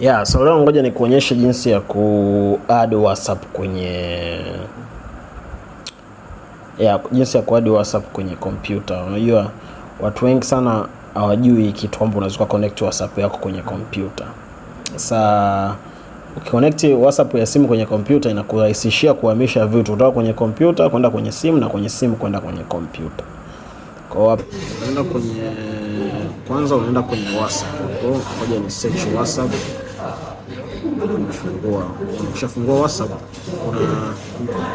Yeah, so leo ngoja ni nikuonyeshe jinsi ya ku add WhatsApp kwenye yeah, jinsi ya ku add WhatsApp kwenye kompyuta. Unajua watu wengi sana hawajui kitu kwamba unaweza connect WhatsApp yako kwenye kompyuta. Sasa ukiconnect WhatsApp ya simu kwenye kompyuta inakurahisishia kuhamisha vitu kutoka kwenye kompyuta kwenda kwenye simu na kwenye simu kwenda kwenye kompyuta. Kwa hiyo unaenda kwenye kwanza unaenda kwenye WhatsApp. Kwa hiyo ngoja ni search WhatsApp ukishafungua WhatsApp kuna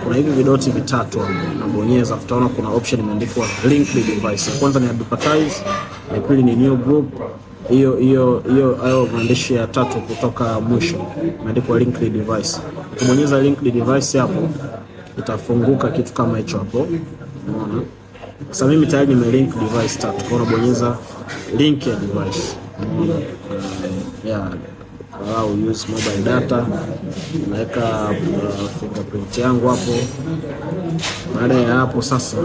kuna hivi vidoti vitatu unabonyeza, utaona kuna option imeandikwa link the device. Kwanza ni advertise, ya pili ni new group hiyo hiyo hiyo hayo maandishi ya tatu kutoka mwisho imeandikwa link the device. Ukibonyeza link the device hapo itafunguka kitu kama hicho hapo, unaona. Sasa mimi tayari nime link device tatu, kwa unabonyeza link ya device uh, yeah au use mobile data. Naweka uh, fingerprint yangu hapo. Baada ya hapo sasa,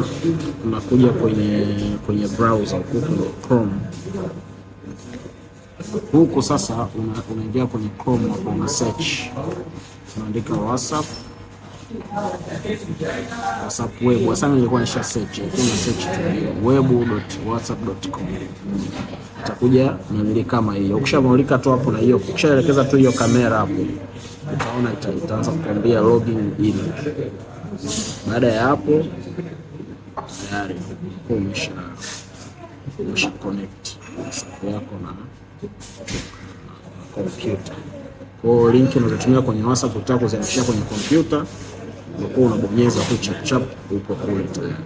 unakuja kwenye kwenye browser huko Chrome huko sasa, unaingia kwenye Chrome hapo, una search, unaandika WhatsApp WhatsApp web. Sana nilikuwa nisha search, lakini search web.whatsapp.com. Itakuja nanili kama hiyo. Ukishamulika tu hapo na hiyo, ukishaelekeza tu hiyo kamera hapo, utaona itaanza kukuambia login in. Baada ya hapo tayari umesha umesha connect WhatsApp yako na kompyuta. Kwa hiyo link unazotumia kwenye WhatsApp utaka kwenye kompyuta unakuwa unabonyeza tu chap chap, upo kule tayari.